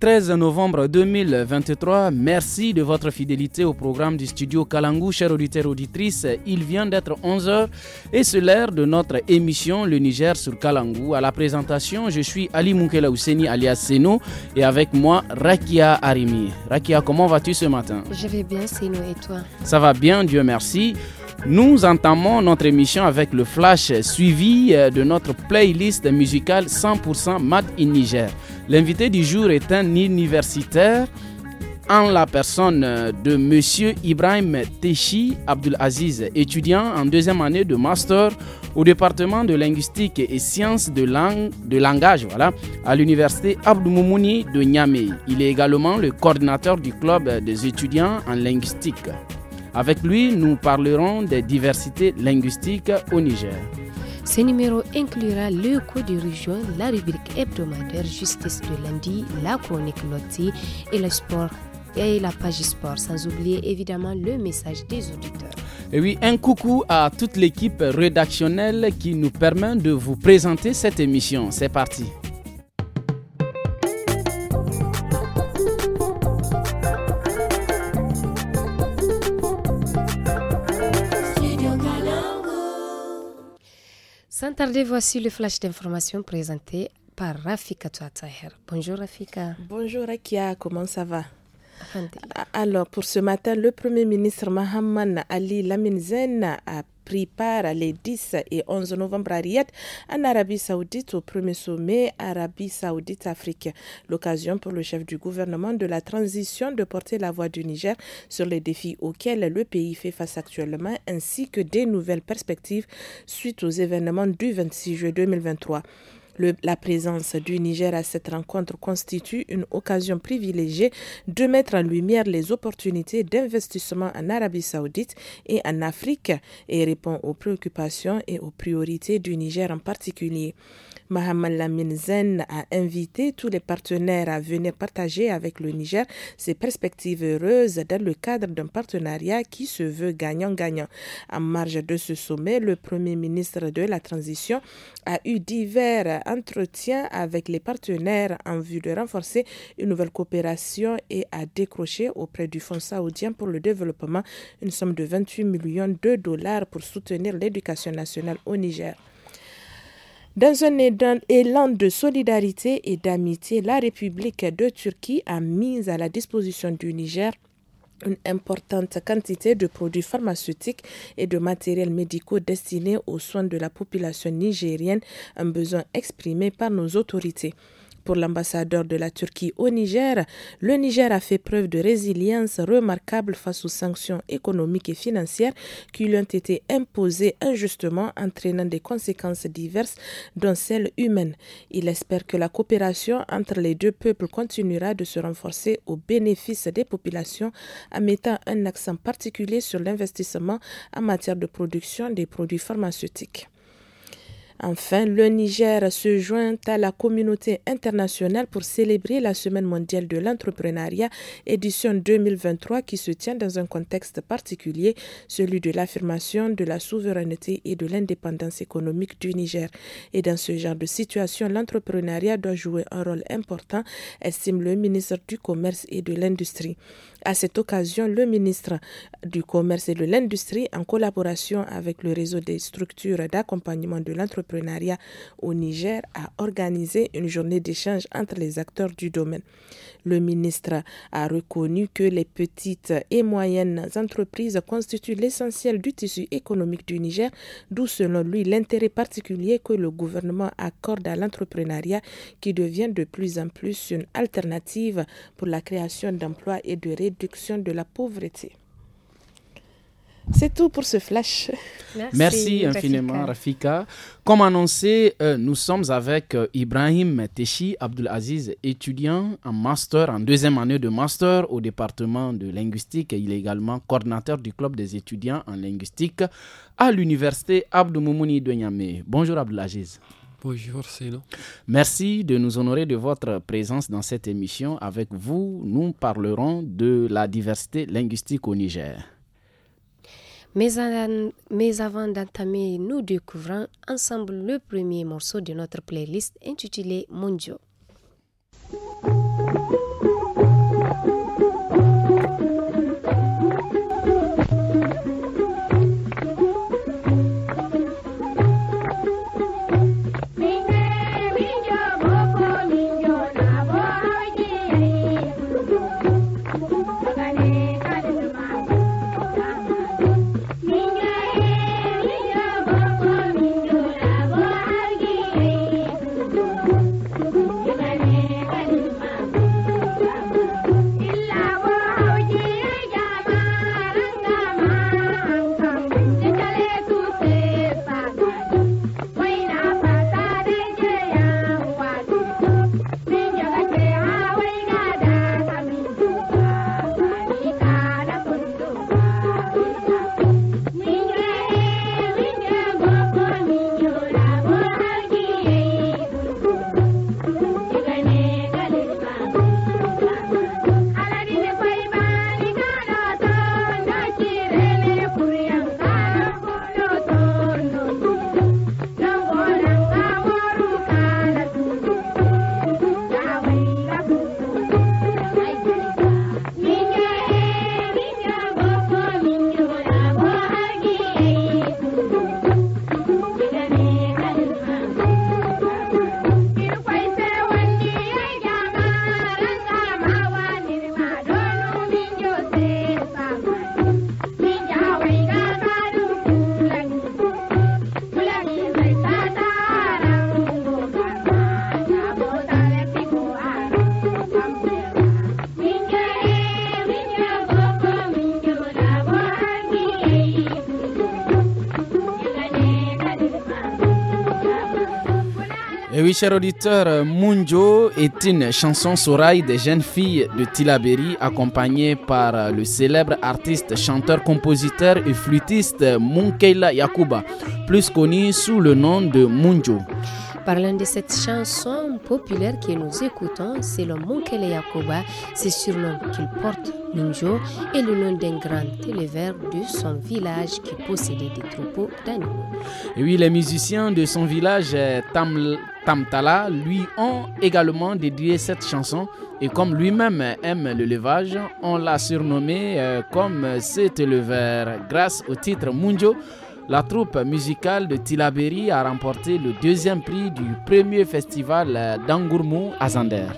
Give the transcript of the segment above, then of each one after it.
13 novembre 2023. Merci de votre fidélité au programme du studio Kalangou, chers auditeurs auditrices. Il vient d'être 11h et c'est l'heure de notre émission Le Niger sur Kalangou. À la présentation, je suis Ali Moukela Ousseni alias Seno et avec moi Rakia Arimi. Rakia, comment vas-tu ce matin Je vais bien, Seno, et toi Ça va bien, Dieu merci. Nous entamons notre émission avec le flash suivi euh, de notre playlist musicale 100% Mad in Niger. L'invité du jour est un universitaire en la personne euh, de M. Ibrahim Teshi Abdulaziz, étudiant en deuxième année de master au département de linguistique et sciences de, de langage voilà, à l'université Abdou Moumouni de Niamey. Il est également le coordinateur du club des étudiants en linguistique. Avec lui, nous parlerons des diversités linguistiques au Niger. Ce numéro inclura le cours de région, la rubrique hebdomadaire Justice de lundi, la chronique loti et le sport et la page sport, sans oublier évidemment le message des auditeurs. Et oui, un coucou à toute l'équipe rédactionnelle qui nous permet de vous présenter cette émission. C'est parti. Sans tarder, voici le flash d'information présenté par Rafika Touataher. Bonjour Rafika. Bonjour Akia, comment ça va alors, pour ce matin, le Premier ministre Mohamed Ali Laminzen a pris par les 10 et 11 novembre à Riyad, en Arabie Saoudite, au premier sommet Arabie Saoudite-Afrique. L'occasion pour le chef du gouvernement de la transition de porter la voix du Niger sur les défis auxquels le pays fait face actuellement, ainsi que des nouvelles perspectives suite aux événements du 26 juillet 2023 la présence du Niger à cette rencontre constitue une occasion privilégiée de mettre en lumière les opportunités d'investissement en Arabie saoudite et en Afrique et répond aux préoccupations et aux priorités du Niger en particulier. Mohamed Lamine Zen a invité tous les partenaires à venir partager avec le Niger ses perspectives heureuses dans le cadre d'un partenariat qui se veut gagnant-gagnant. En marge de ce sommet, le Premier ministre de la Transition a eu divers entretiens avec les partenaires en vue de renforcer une nouvelle coopération et a décroché auprès du Fonds saoudien pour le développement une somme de 28 millions de dollars pour soutenir l'éducation nationale au Niger. Dans un élan de solidarité et d'amitié, la République de Turquie a mis à la disposition du Niger une importante quantité de produits pharmaceutiques et de matériels médicaux destinés aux soins de la population nigérienne, un besoin exprimé par nos autorités pour l'ambassadeur de la Turquie au Niger, le Niger a fait preuve de résilience remarquable face aux sanctions économiques et financières qui lui ont été imposées injustement, entraînant des conséquences diverses, dont celles humaines. Il espère que la coopération entre les deux peuples continuera de se renforcer au bénéfice des populations en mettant un accent particulier sur l'investissement en matière de production des produits pharmaceutiques. Enfin, le Niger se joint à la communauté internationale pour célébrer la Semaine mondiale de l'entrepreneuriat édition 2023 qui se tient dans un contexte particulier, celui de l'affirmation de la souveraineté et de l'indépendance économique du Niger. Et dans ce genre de situation, l'entrepreneuriat doit jouer un rôle important, estime le ministre du Commerce et de l'Industrie. À cette occasion, le ministre du Commerce et de l'Industrie, en collaboration avec le réseau des structures d'accompagnement de l'entrepreneuriat, l'entrepreneuriat au Niger a organisé une journée d'échange entre les acteurs du domaine. Le ministre a reconnu que les petites et moyennes entreprises constituent l'essentiel du tissu économique du Niger, d'où selon lui l'intérêt particulier que le gouvernement accorde à l'entrepreneuriat qui devient de plus en plus une alternative pour la création d'emplois et de réduction de la pauvreté. C'est tout pour ce flash. Merci, infiniment, Rafika. Comme annoncé, euh, nous sommes avec euh, Ibrahim Teshi Abdulaziz étudiant en master, en deuxième année de master au département de linguistique. Il est également coordinateur du club des étudiants en linguistique à l'université Abdou Moumouni de Niamey. Bonjour Aziz. Bonjour, Céline. Merci de nous honorer de votre présence dans cette émission. Avec vous, nous parlerons de la diversité linguistique au Niger. Mais, avant d'entamer, nous découvrons ensemble le premier morceau de notre playlist intitulé Mondio. cher auditeur, Munjo est une chanson sorail des jeunes filles de Tilaberi accompagnée par le célèbre artiste, chanteur, compositeur et flûtiste Munkeila Yakuba, plus connu sous le nom de Munjo. Parlant de cette chanson populaire que nous écoutons, c'est le Munkele Yakoba, c'est surnom qu'il porte Munjo et le nom d'un grand éleveur de son village qui possédait des troupeaux d'animaux. Oui, les musiciens de son village, euh, Tam, Tamtala, lui ont également dédié cette chanson. Et comme lui-même aime l'élevage, on l'a surnommé euh, comme cet éleveur grâce au titre Munjo. La troupe musicale de Tilaberi a remporté le deuxième prix du premier festival d'Angourmou à Zander.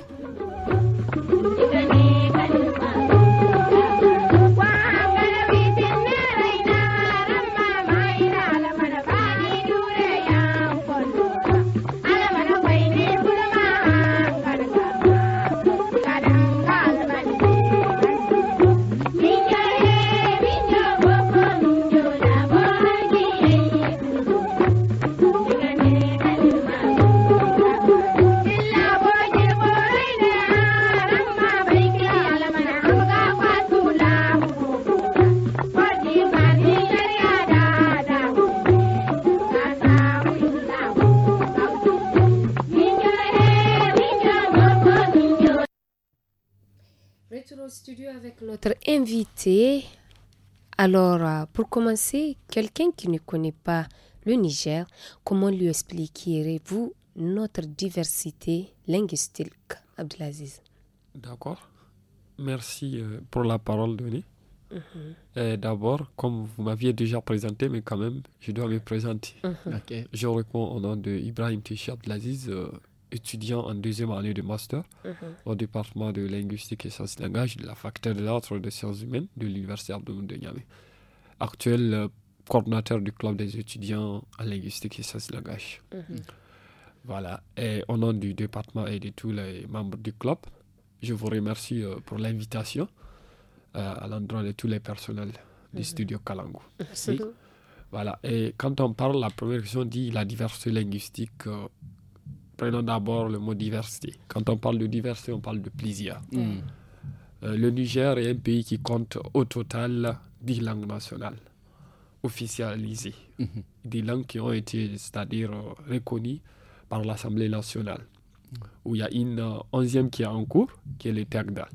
invité, alors euh, pour commencer, quelqu'un qui ne connaît pas le Niger, comment lui expliquerez-vous notre diversité linguistique, Abdelaziz D'accord. Merci euh, pour la parole donnée. Mhm. Euh, d'abord, comme vous m'aviez déjà présenté, mais quand même, je dois me présenter. Mhm. Je réponds au nom de Ibrahim Tichi Abdelaziz, étudiant en deuxième année de master mhm. au département de linguistique et sciences langage de la faculté de et des sciences humaines de l'université de Niamey. Actuel euh, coordinateur du club des étudiants en linguistique et sciences langage. Mhm. Voilà. Et au nom du département et de tous les membres du club, je vous remercie euh, pour l'invitation euh, à l'endroit de tous les personnels du mhm. studio Kalangu. Voilà. Et quand on parle, la première question dit la diversité linguistique Prenons d'abord le mot diversité. Quand on parle de diversité, on parle de plaisir. Mm. Euh, le Niger est un pays qui compte au total 10 langues nationales officialisées. Mm-hmm. Des langues qui ont été, c'est-à-dire, euh, reconnues par l'Assemblée nationale. Mm. Où il y a une euh, onzième qui est en cours, qui est le Tagdal.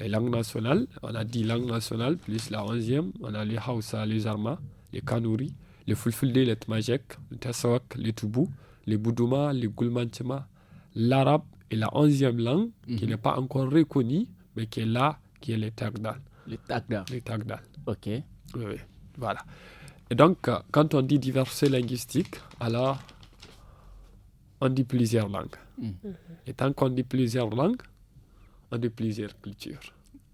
Les langues nationales, on a 10 langues nationales, plus la onzième, on a les Hausa, les Arma, les Kanuri, les Fulfulde, les Tmajek, les Tassawak, les Toubou, les Boudouma, les Goulmanchema, l'arabe est la onzième langue qui mhm. n'est pas encore reconnue, mais qui est là, qui est le Tagdal. Le Tagdal. Le Tagdal. Ok. Oui, oui. Voilà. Et donc, euh, quand on dit diversité linguistique, alors on dit plusieurs langues. Mm. Mhm. Et tant qu'on dit plusieurs langues, on dit plusieurs cultures.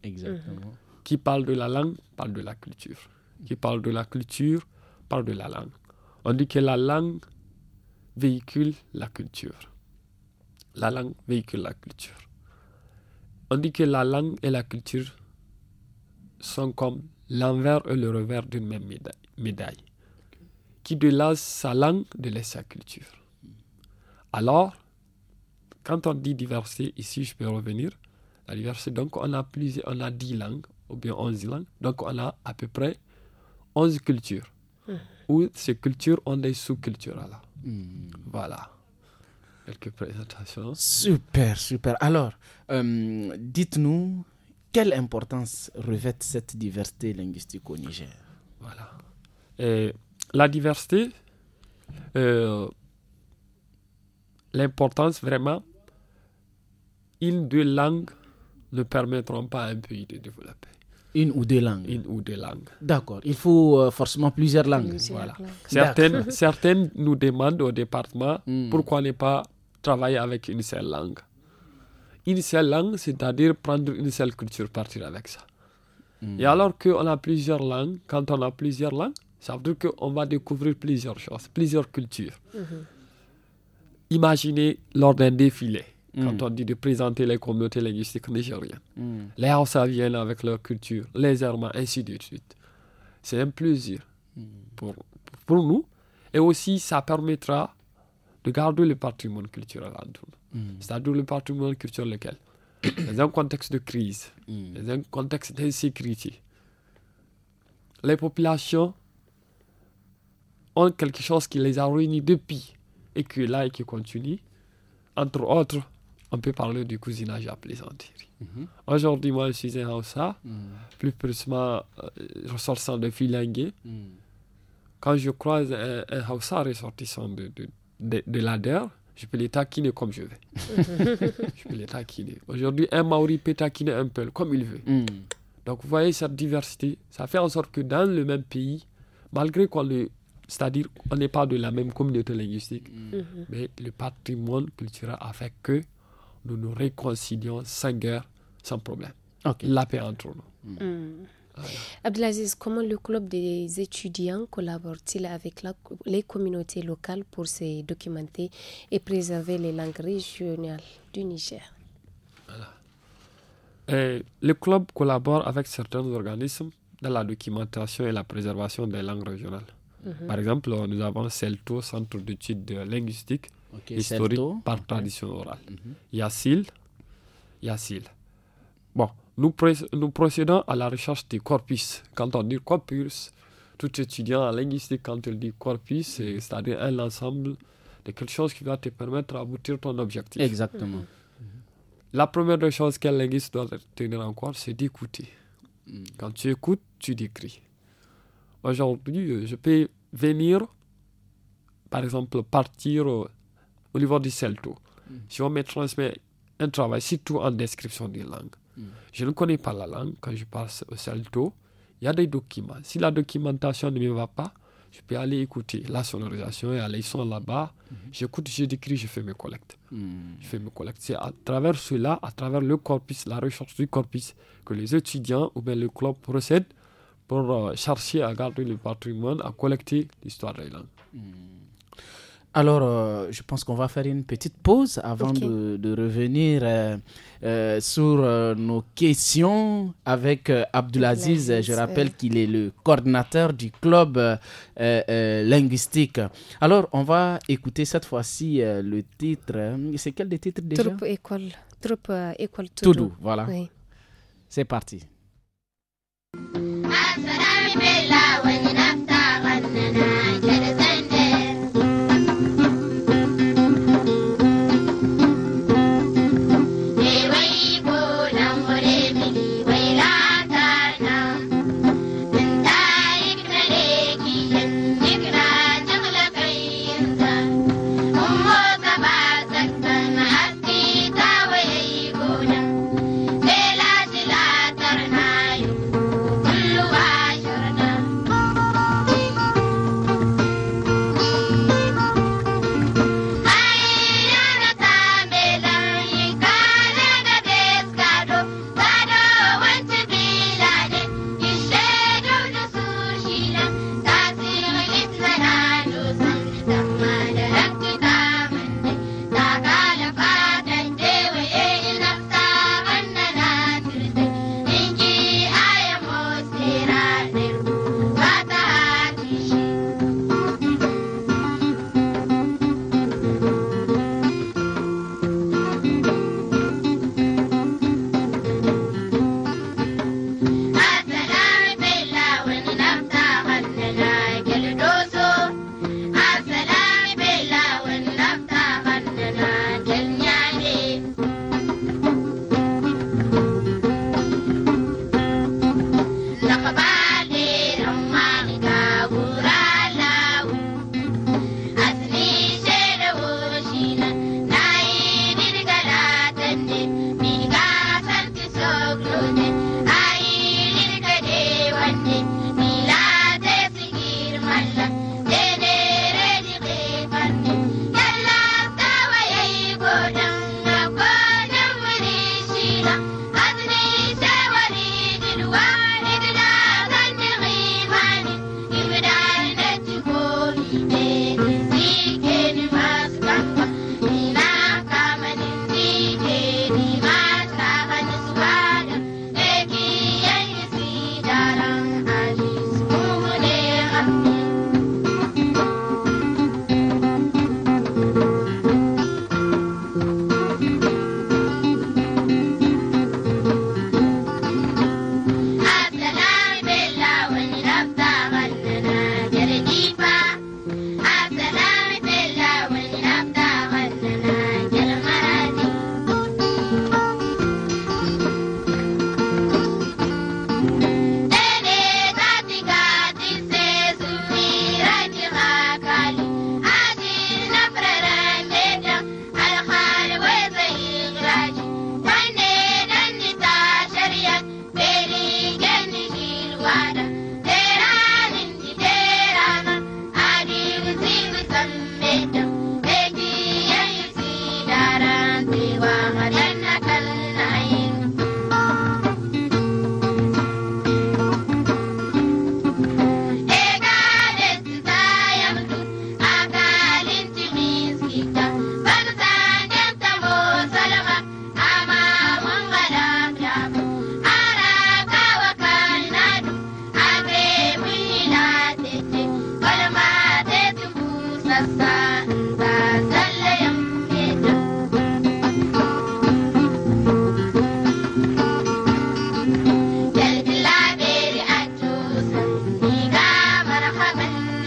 Exactement. Mm. Qui parle de la langue parle de la culture. Qui parle de la culture parle de la langue. On dit que la langue véhicule la culture. La langue véhicule la culture. On dit que la langue et la culture sont comme l'envers et le revers d'une même médaille. qui délaisse sa langue, délaisse sa culture. Alors, quand on dit diversité, ici je peux revenir, la diversité, donc on a plusieurs, on a 10 langues, ou bien 11 langues, donc on a à peu près 11 cultures, hum. où ces cultures ont des sous-cultures. Hmm. Voilà. Quelques présentations. Super, super. Alors, euh, dites-nous quelle importance revêt cette diversité linguistique au Niger Voilà. Euh, la diversité, euh, l'importance vraiment, une, deux langues ne permettront pas à un pays de développer. Une ou deux langues. Une ou deux langues. D'accord. Il faut euh, forcément plusieurs langues. voilà. Certaines, certaines nous demandent au département hmm. pourquoi ne pas travailler avec une seule langue. Une seule langue, c'est-à-dire prendre une seule culture, partir avec ça. Hmm. Et alors qu'on a plusieurs langues, quand on a plusieurs langues, ça veut dire qu'on va découvrir plusieurs choses, plusieurs cultures. Mhm. Imaginez lors d'un défilé quand mm. on dit de présenter les communautés linguistiques nigériennes. Mm. Les Hausa viennent avec leur culture, les armes, ainsi de suite. C'est un plaisir mm. pour, pour nous. Et aussi, ça permettra de garder le patrimoine culturel en C'est-à-dire le patrimoine culturel lequel Dans un contexte de crise, dans un contexte d'insécurité, les populations ont quelque chose qui les a réunis depuis et qui est là et qui continue. Entre autres, on peut parler du cousinage à plaisanterie. Mhm. Aujourd'hui, moi, je suis un Hausa, mhm. plus précisément euh, ressortissant de Filingué. Mhm. Quand je croise un, Hausa ressortissant de, de, de, je peux les taquiner comme je veux. je peux les taquiner. Aujourd'hui, un Maori peut taquiner un peu comme il veut. Donc, vous voyez cette diversité, ça fait en sorte que dans le même pays, malgré qu'on le c'est-à-dire qu'on n'est pas de la même communauté linguistique, mais le patrimoine culturel a fait que nous nous réconcilions sans guerre, sans problème. Okay. La paix entre nous. Mm. Abdelaziz, comment le club des étudiants collabore-t-il avec les communautés locales pour se documenter et préserver les langues régionales du Niger Le club collabore avec certains organismes dans la documentation et la préservation des langues régionales. Mm-hmm. Par exemple, nous avons CELTO, Centre d'études linguistiques, historique par tradition orale. Mm -hmm. Bon, nous, nous, procédons à la recherche des corpus. Quand on dit corpus, tout étudiant en linguistique, quand il dit corpus, mhm. c'est-à-dire un ensemble de quelque chose qui va te permettre d'aboutir ton objectif. Exactement. Mhm. La première des choses qu'un linguiste doit tenir en compte, c'est d'écouter. Mhm. Quand tu écoutes, tu décris. Aujourd'hui, je peux venir, par exemple, partir au niveau du CELTO, mm. si on me transmet un travail, tout en description des langues, mm. je ne connais pas la langue quand je passe au CELTO, il y a des documents. Si la documentation ne me va pas, je peux aller écouter la sonorisation et aller son là-bas. Mm-hmm. J'écoute, je décris, je fais mes collectes. Mm. Je fais mes collectes. C'est à travers cela, à travers le corpus, la recherche du corpus, que les étudiants ou bien le club procèdent pour euh, chercher à garder le patrimoine, à collecter l'histoire des langues. Alors, euh, je pense qu'on va faire une petite pause avant de, revenir euh, euh, sur nos questions avec Abdulaziz. Je rappelle qu'il est le coordinateur du club linguistique. Alors, on va écouter cette fois-ci le titre. C'est quel des titres déjà Troupe École. Troupe École Toudou. voilà. C'est parti. Lila.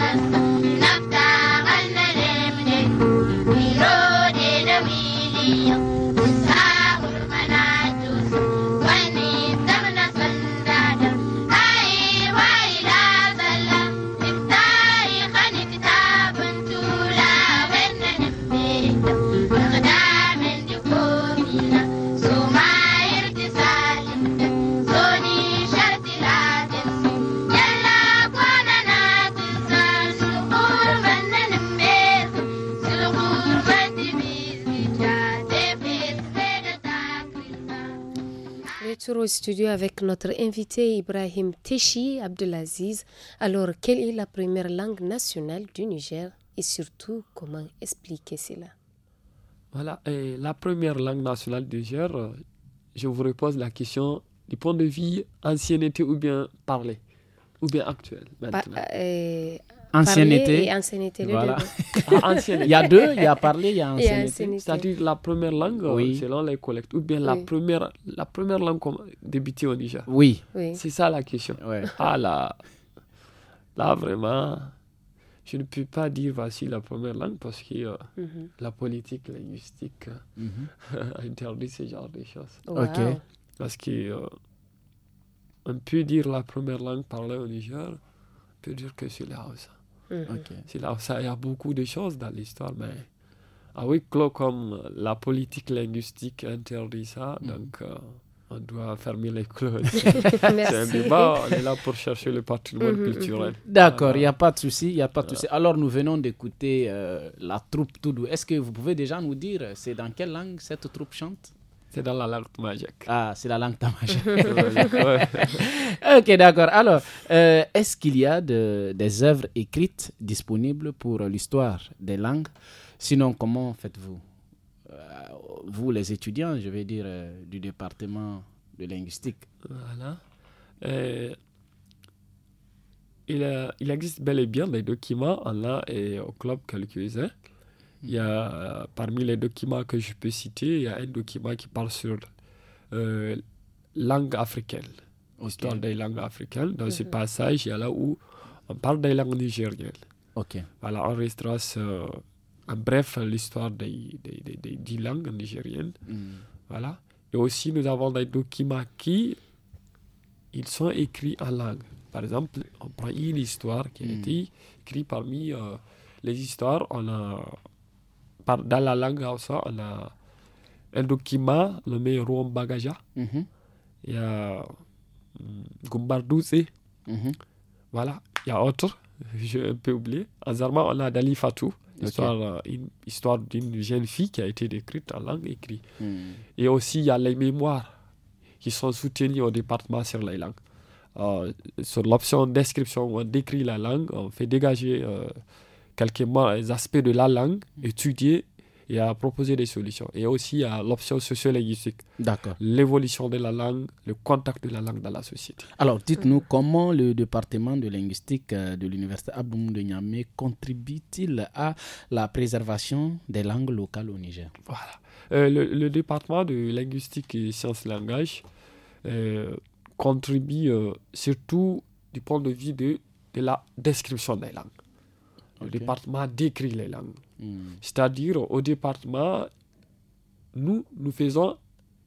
Thank you. avec notre invité Ibrahim Teshi Abdelaziz. Alors, quelle est la première langue nationale du Niger et surtout comment expliquer cela Voilà, la première langue nationale du Niger, euh, je vous repose la question du point de vue ancienneté ou bien parlé, ou bien actuel maintenant. Euh, ancienneté. Ah, ancienneté il y a deux, il y a parler, il y a ancienneté. C'est-à-dire la première langue, selon les collectes, ou bien la, première, la première langue débutée au Niger. Oui. oui. C'est ça la question. Ouais. Ah là, là vraiment, je ne peux pas dire voici la première langue parce que euh, mhm. la politique linguistique mm interdit ce genre de choses. Ok. Parce que euh, on peut dire la première langue parlée au Niger, on peut dire que c'est la Hausa. Mm. Là, ça, il y a beaucoup de choses dans l'histoire, mais ah oui clos, comme la politique linguistique interdit ça, mm. donc euh, on doit fermer les clos. C'est un débat, on est là pour chercher le patrimoine mm-hmm. culturel. Mm-hmm. D'accord, il n'y a pas de souci, il a pas de souci. Alors nous venons d'écouter euh, la troupe Toudou. Est-ce que vous pouvez déjà nous dire, euh, c'est dans quelle langue cette troupe chante c'est dans la langue magique. Ah, c'est la langue tamajac. ok, d'accord. Alors, euh, est-ce qu'il y a des œuvres écrites disponibles pour l'histoire des langues Sinon, comment faites-vous euh, Vous, les étudiants, je vais dire, euh, du département de linguistique. Voilà. il, il, existe bel et bien des documents en langue et au club calculisé il y a, euh, parmi les documents que je peux citer, il y a un document qui parle sur euh, langue africaine, histoire des langues africaines. Dans ce mhm. passage, il y a là où on parle des langues nigériennes. ok Voilà, on retrace euh, en bref l'histoire des, des, des, des, dix langues nigériennes. Mm. Voilà. Et aussi, nous avons des documents qui ils sont écrits en langue. Par exemple, on prend une histoire qui a mm. été écrite parmi euh, les histoires. On a dans la langue on a un document nommé Rouen Bagaja. Mhm. Il y a mm, Gumbardouze, mhm. Voilà, il y a autre, j'ai un peu oublié. En on a Dali Fatou, histoire, euh, une, histoire d'une jeune fille qui a été décrite en langue écrite. Mhm. Et aussi, il y a les mémoires qui sont soutenues au département sur les langues. Euh, sur l'option description, on décrit la langue, on fait dégager. Euh, quelques aspects de la langue, étudier et à proposer des solutions. Et aussi à l'option sociolinguistique. D'accord. L'évolution de la langue, le contact de la langue dans la société. Alors, dites-nous comment le département de linguistique euh, de l'Université Aboum de Niamey contribue-t-il à la préservation des langues locales au Niger Voilà. Euh, le, département de linguistique et sciences langage euh, contribue surtout du point de vue de, de la description des langues. Le département décrit les langues. Hmm. C'est-à-dire, au département, nous, nous faisons,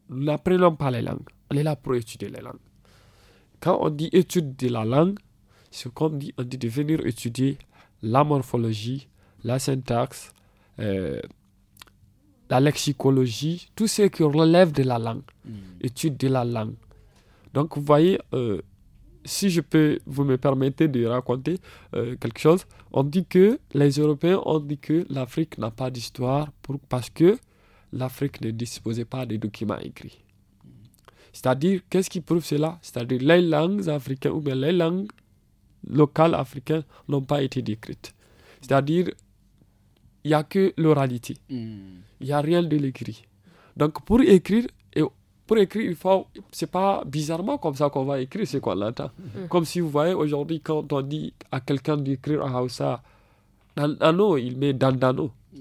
nous n'apprenons pas les langues. On est là pour étudier les langues. Quand on dit étude de la langue, ce comme dit, on dit de venir étudier la morphologie, la syntaxe, euh, la lexicologie, tout ce qui relève de la langue, hmm. étude de la langue. Donc, vous voyez, euh, si je peux vous me permettez de raconter euh, quelque chose, on dit que les Européens ont dit que l'Afrique n'a pas d'histoire parce que l'Afrique ne disposait pas de documents écrits. C'est-à-dire, qu'est-ce qui prouve cela C'est-à-dire, les langues africaines ou bien les langues locales africaines n'ont pas été décrites. C'est-à-dire, il n'y a que l'oralité. Hmm. Il n'y a rien de l'écrit. Donc, pour écrire, pour écrire, il faut, c'est pas bizarrement comme ça qu'on va écrire, c'est quoi l'entend. Mm. Comme si vous voyez aujourd'hui, quand on dit à quelqu'un d'écrire en Hausa, Dandano, il met Dandano. Mm.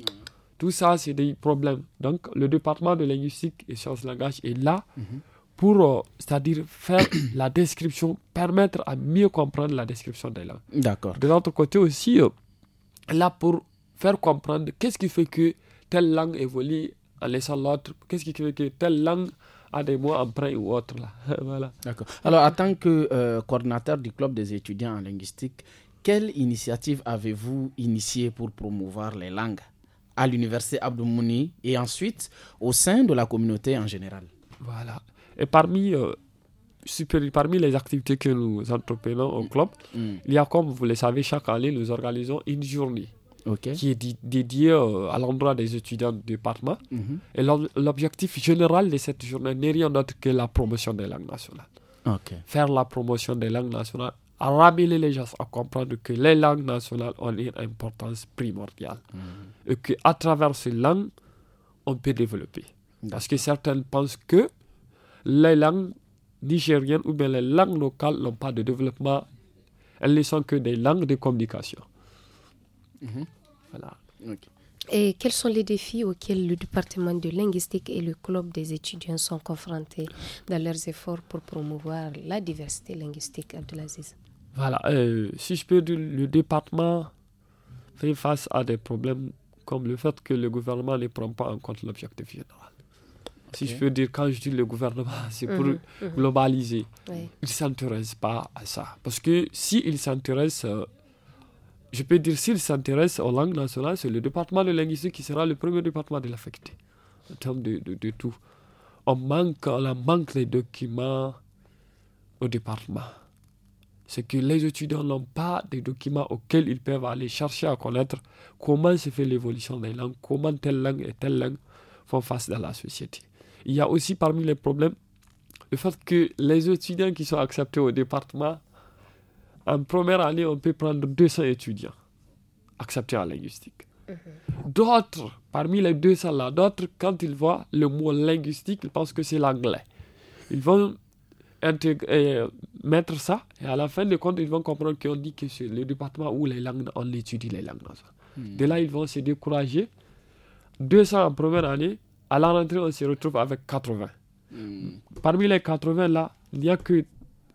Tout ça, c'est des problèmes. Donc, le département de linguistique et sciences langage est là mm-hmm. pour, euh, c'est-à-dire faire la description, permettre à mieux comprendre la description des langues. D'accord. De l'autre côté aussi, euh, là pour faire comprendre qu'est-ce qui fait que telle langue évolue en laissant l'autre, qu'est-ce qui fait que telle langue à des mois après ou autre. Là. voilà. D'accord. Alors, en tant que euh, coordinateur du club des étudiants en linguistique, quelle initiative avez-vous initiée pour promouvoir les langues à l'université Abdoumouni et ensuite au sein de la communauté en général Voilà. Et parmi, euh, super, parmi les activités que nous entreprenons au mm. club, mm. il y a, comme vous le savez, chaque année, nous organisons une journée qui est dédié euh, à l'endroit des étudiants du département. Mhm. Et l'objectif général de cette journée n'est rien d'autre que la promotion des langues nationales. Faire la promotion des langues nationales, à ramener les gens à comprendre que les langues nationales ont une importance primordiale mhm. et qu'à travers ces langues, on peut développer. Parce que certains pensent que les langues nigériennes ou bien les langues locales n'ont pas de développement, elles ne sont que des langues de communication. Mhm. Voilà. Et quels sont les défis auxquels le département de linguistique et le club des étudiants sont confrontés dans leurs efforts pour promouvoir la diversité linguistique, Abdelaziz Voilà, euh, si je peux dire, le département fait face à des problèmes comme le fait que le gouvernement ne prend pas en compte l'objectif général. Si je peux dire, quand je dis le gouvernement, c'est pour mhm, mhm. globaliser. Il ne s'intéresse pas à ça. Parce que s'il si s'intéresse... Euh, je peux dire s'il s'intéressent aux langues nationales, c'est le département de linguistique qui sera le premier département de l'affecté, en termes de, tout. On manque, on manque les documents au département. C'est que les étudiants n'ont pas des documents auxquels ils peuvent aller chercher à connaître comment se fait l'évolution des langues, comment telle langue et telle langue font face dans la société. Il y a aussi parmi les problèmes le fait que les étudiants qui sont acceptés au département en première année, on peut prendre 200 étudiants acceptés en linguistique. Mhm. D'autres, parmi les 200 là, d'autres, quand ils voient le mot linguistique, ils pensent que c'est l'anglais. Ils vont euh, mettre ça et à la fin de compte, ils vont comprendre qu'on dit que c'est le département où les langues, on étudie les langues. Hmm. De là, ils vont se décourager. 200 en première année, à la rentrée, on se retrouve avec 80. Hmm. Parmi les 80 là, il n'y a que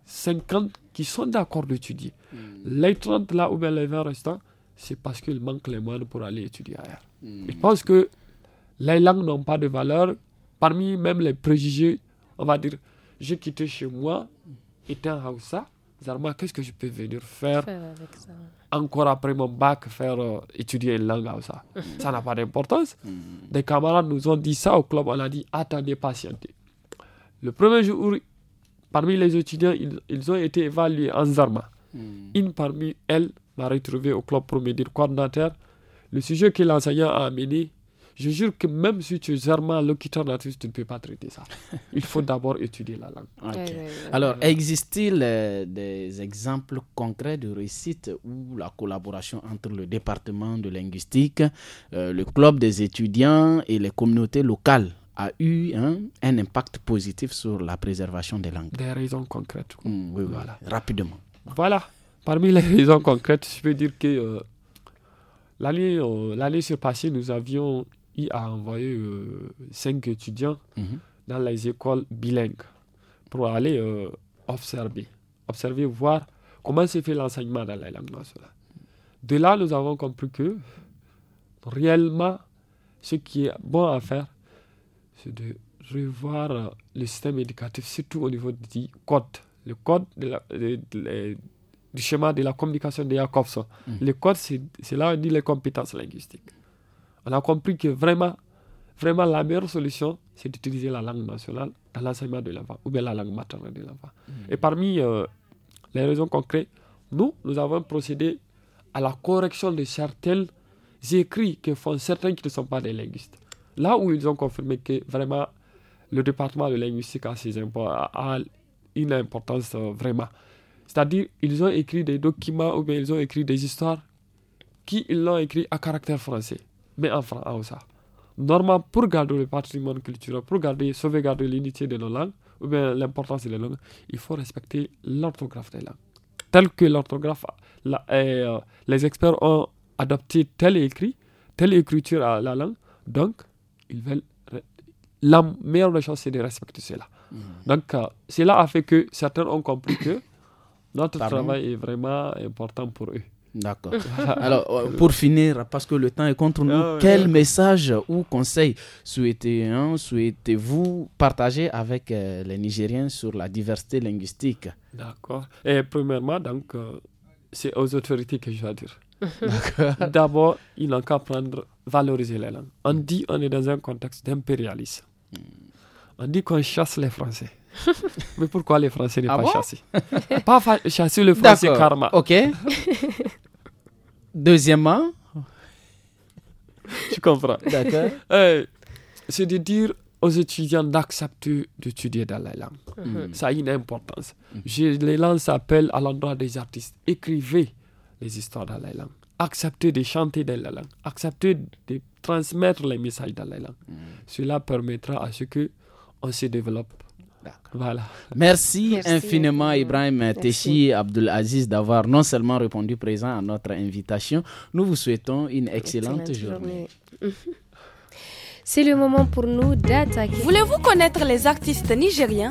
50 qui sont d'accord d'étudier. Hmm. Les 30 là où les 20 restants, c'est parce qu'il manque les moyens pour aller étudier ailleurs. Hmm. Je pense que les langues n'ont pas de valeur. Parmi même les préjugés, on va dire, j'ai quitté chez moi, étant Hausa, Zarma, qu'est-ce que je peux venir faire, encore après mon bac, faire euh, étudier une langue Hausa hmm. Ça n'a pas d'importance. Des camarades nous ont dit ça au club, on a dit, attendez, patientez. Le premier jour où Parmi les étudiants, ils, ont été évalués en Zarma. Hmm. Une parmi elles m'a retrouvé au club pour me coordinateur, le sujet que l'enseignant a amené, je jure que même si tu es Zarma, locuteur natif, tu ne peux pas traiter ça. Il faut d'abord étudier la langue. Alors, existe il euh, des exemples concrets de réussite ou la collaboration entre le département de linguistique, euh, le club des étudiants et les communautés locales a eu un impact positif sur la préservation des langues. Des raisons concrètes. Mm, oui, voilà. rapidement. Voilà. Parmi les raisons concrètes, je peux dire que euh, l'année euh, l'année surpassée, nous avions eu à envoyer euh, cinq étudiants mhm. dans les écoles bilingues pour aller observer, observer, voir comment se fait l'enseignement dans la langue nationales. De là, nous avons compris que réellement, ce qui est bon à faire, c'est de revoir le système éducatif, surtout au niveau du code, le code de du schéma de la communication de Jacobson. Mm. Le code, c'est là où on dit les compétences linguistiques. On a compris que vraiment, vraiment la meilleure solution, c'est d'utiliser la langue nationale dans l'enseignement de l'enfant, ou bien la langue maternelle de l'enfant. Mm. Et parmi euh, les raisons concrètes, nous, nous avons procédé à la correction de certains écrits que font certains qui ne sont pas des linguistes. Là où ils ont confirmé que vraiment le département de linguistique a, une importance euh, vraiment. C'est-à-dire, ils ont écrit des documents ou bien ils ont écrit des histoires qui ils l'ont écrit à caractère français, mais en français. Normalement, pour garder le patrimoine culturel, pour garder, sauvegarder l'unité de nos langues, ou bien l'importance de la langue, il faut respecter l'orthographe des langues. Tel que l'orthographe, euh, les experts ont adopté tel écrit, telle écriture à la langue, donc ils veulent. La meilleure chance, c'est de respecter cela. Mm-hmm. Donc, euh, cela a fait que certains ont compris que notre travail est vraiment important pour eux. D'accord. Alors, euh, pour finir, parce que le temps est contre nous, ah quel message ou conseil souhaitez-vous partager avec euh, les Nigériens sur la diversité linguistique D'accord. Et premièrement, donc, c'est aux autorités que je vais dire. Euh, D'abord, il n'a qu'à prendre, valoriser les langues. On mm. dit on est dans un contexte d'impérialisme. Mm. On dit qu'on chasse les Français. Mais pourquoi les Français ne ah pas bon? Pas chasser le Français karma. Ok. Deuxièmement. Tu comprends. D'accord. Euh, c'est de dire aux étudiants d'accepter d'étudier dans la langue mm. Ça a une importance. Je les lance appel à l'endroit des artistes. Écrivez les histoires dans la accepter de chanter dans la accepter de transmettre les messages dans la mm. Cela permettra à ce que on se développe. Voilà. Merci, infiniment Ibrahim Teshi Abdulaziz d'avoir non seulement répondu présent à notre invitation, nous vous souhaitons une excellente, journée. C'est le moment pour nous d'attaquer. Voulez-vous connaître les artistes nigériens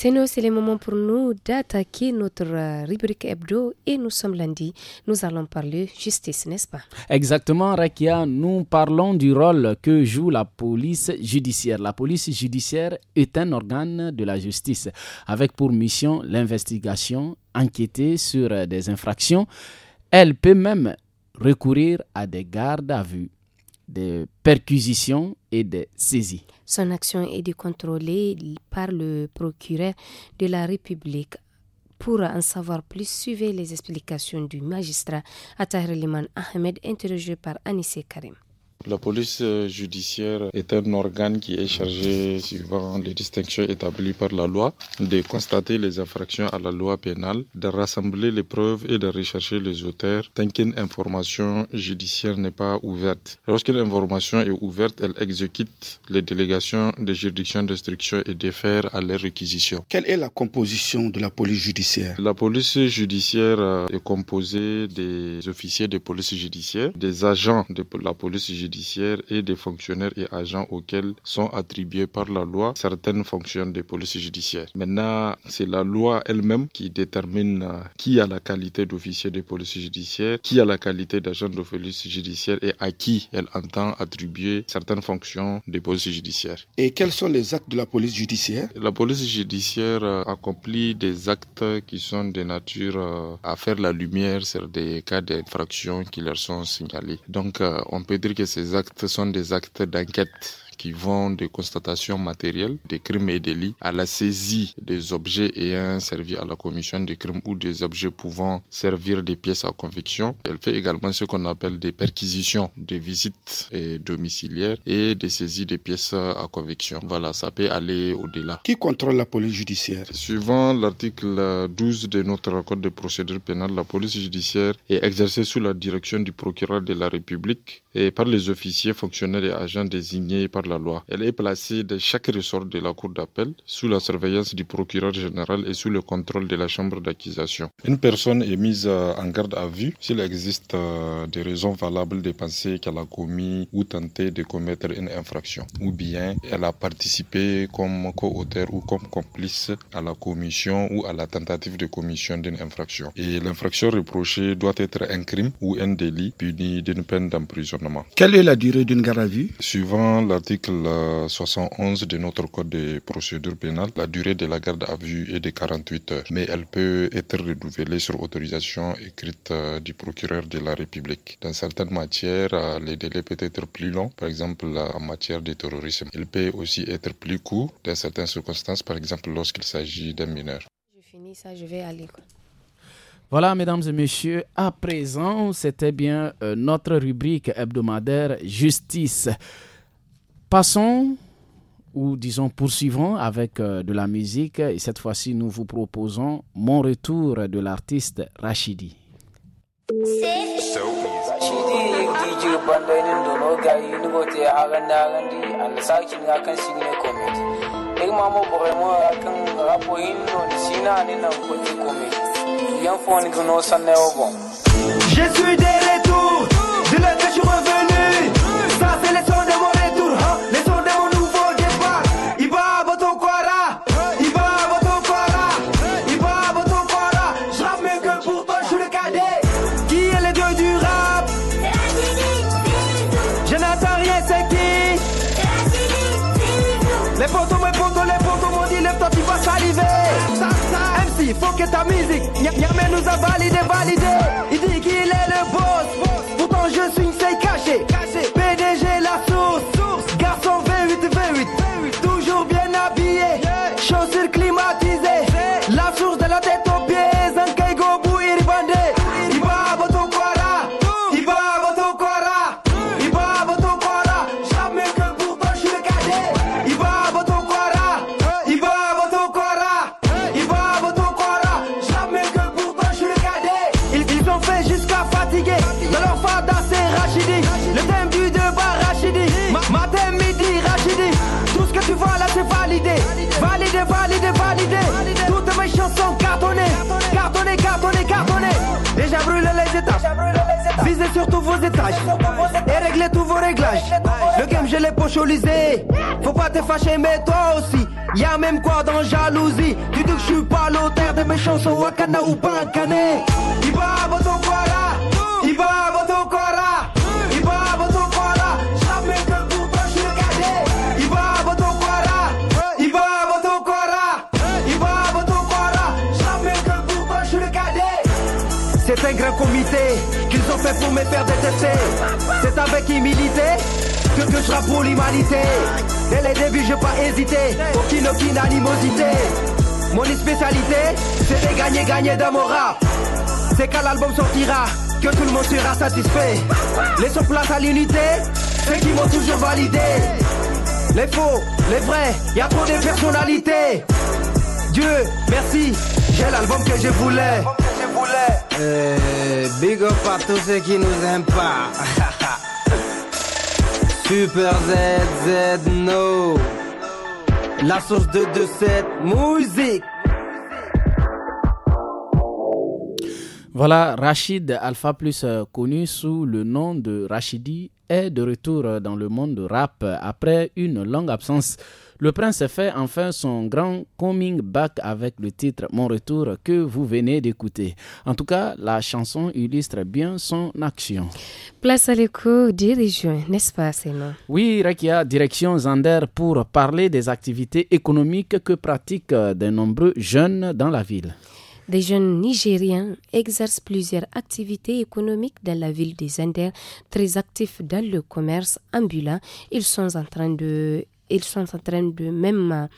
C'est nous, c'est le moment pour nous d'attaquer notre euh, rubrique hebdo et nous sommes lundi. Nous allons parler justice, n'est-ce pas Exactement, Rakia. Nous parlons du rôle que joue la police judiciaire. La police judiciaire est un organe de la justice avec pour mission l'investigation, enquêter sur euh, des infractions. Elle peut même recourir à des gardes à vue de perquisition et de saisie Son action est de par le procureur de la République. Pour en savoir plus, suivez les explications du magistrat Atahir Liman Ahmed, interrogé par Anissé Karim. La police euh, judiciaire est un organe qui est chargé, suivant les distinctions établies par la loi, de constater les infractions à la loi pénale, de rassembler les preuves et de rechercher les auteurs tant qu'une information judiciaire n'est pas ouverte. Lorsqu'une information est ouverte, elle exécute les délégations de juridictions d'instruction et défère à les réquisitions. Quelle est la composition de la police judiciaire La police judiciaire euh, est composée des officiers de police judiciaire, des agents de la police judiciaire, judiciaire et des fonctionnaires et agents auxquels sont attribuées par la loi certaines fonctions de police judiciaire. Maintenant, c'est la loi elle-même qui détermine euh, qui a la qualité d'officier de police judiciaire, qui a la qualité d'agent de police judiciaire et à qui elle entend attribuer certaines fonctions de police judiciaire. Et quels sont les actes de la police judiciaire La police judiciaire euh, accomplit des actes qui sont de nature euh, à faire la lumière sur des cas d'infraction qui leur sont signalés. Donc, on peut dire que c'est ces actes sont des actes d'enquête qui vont des constatations matérielles des crimes et délits à la saisie des objets ayant servi à la commission des crimes ou des objets pouvant servir des pièces à conviction. Elle fait également ce qu'on appelle des perquisitions, des visites et domiciliaires et des saisies des pièces à conviction. Voilà, ça peut aller au-delà. Qui contrôle la police judiciaire Suivant l'article 12 de notre code de procédure pénale, la police judiciaire est exercée sous la direction du procureur de la République et par les officiers, fonctionnaires et agents désignés par la loi. Elle est placée de chaque ressort de la Cour d'appel sous la surveillance du procureur général et sous le contrôle de la Chambre d'accusation. Une personne est mise euh, en garde à vue s'il existe euh, des raisons valables de penser qu'elle a commis ou tenté de commettre une infraction, ou bien elle a participé comme co-auteur ou comme complice à la commission ou à la tentative de commission d'une infraction. Et l'infraction reprochée doit être un crime ou un délit puni d'une peine d'emprisonnement quelle est la durée d'une garde à vue Suivant l'article 71 euh, de notre Code de procédure pénale, la durée de la garde à vue est de 48 heures, mais elle peut être renouvelée sur autorisation écrite euh, du procureur de la République. Dans certaines matières, euh, les délais peuvent être plus longs, par exemple en matière de terrorisme. Il peut aussi être plus court dans certaines circonstances, par exemple lorsqu'il s'agit d'un mineur. Je finis ça, je vais à voilà, mesdames et messieurs, à présent, c'était bien euh, notre rubrique hebdomadaire Justice. Passons ou disons poursuivons avec euh, de la musique et cette fois-ci nous vous proposons Mon retour de l'artiste Rachidi. Young Phone nous sommes au bon. Je suis de retour. faut que ta y'a, y'a nous a validé, Et régler tous vos réglages. Le game, je l'ai pocholisé. Faut pas te fâcher, mais toi aussi. Y'a même quoi dans jalousie. Tu dis que je suis pas l'auteur de mes chansons, Wakana ou va Iba, voto va Iba, voto pour me faire détester C'est avec humilité que, je rappe pour l'humanité Dès les débuts j'ai pas hésité Aucune aucune animosité Mon spécialité C'est de gagner gagner dans mon C'est quand l'album sortira que tout le monde sera satisfait Laissons place à l'unité Ceux qui m'ont toujours validé Les faux, les vrais, y a trop de personnalités Dieu, merci, j'ai l'album que je voulais euh, big up à tous ceux qui nous aiment pas. Super Z, Z, no. La source de cette musique. Voilà, Rachid Alpha Plus, euh, connu sous le nom de Rachidi, est de retour dans le monde rap après une longue absence. Le prince fait enfin son grand coming back avec le titre Mon retour que vous venez d'écouter. En tout cas, la chanson illustre bien son action. Place à l'écho des n'est-ce pas, Seymour Oui, Rekia, direction Zander pour parler des activités économiques que pratiquent de nombreux jeunes dans la ville. Des jeunes Nigériens exercent plusieurs activités économiques dans la ville des Zander, très actifs dans le commerce ambulant. Ils sont en train de ils sont en train de même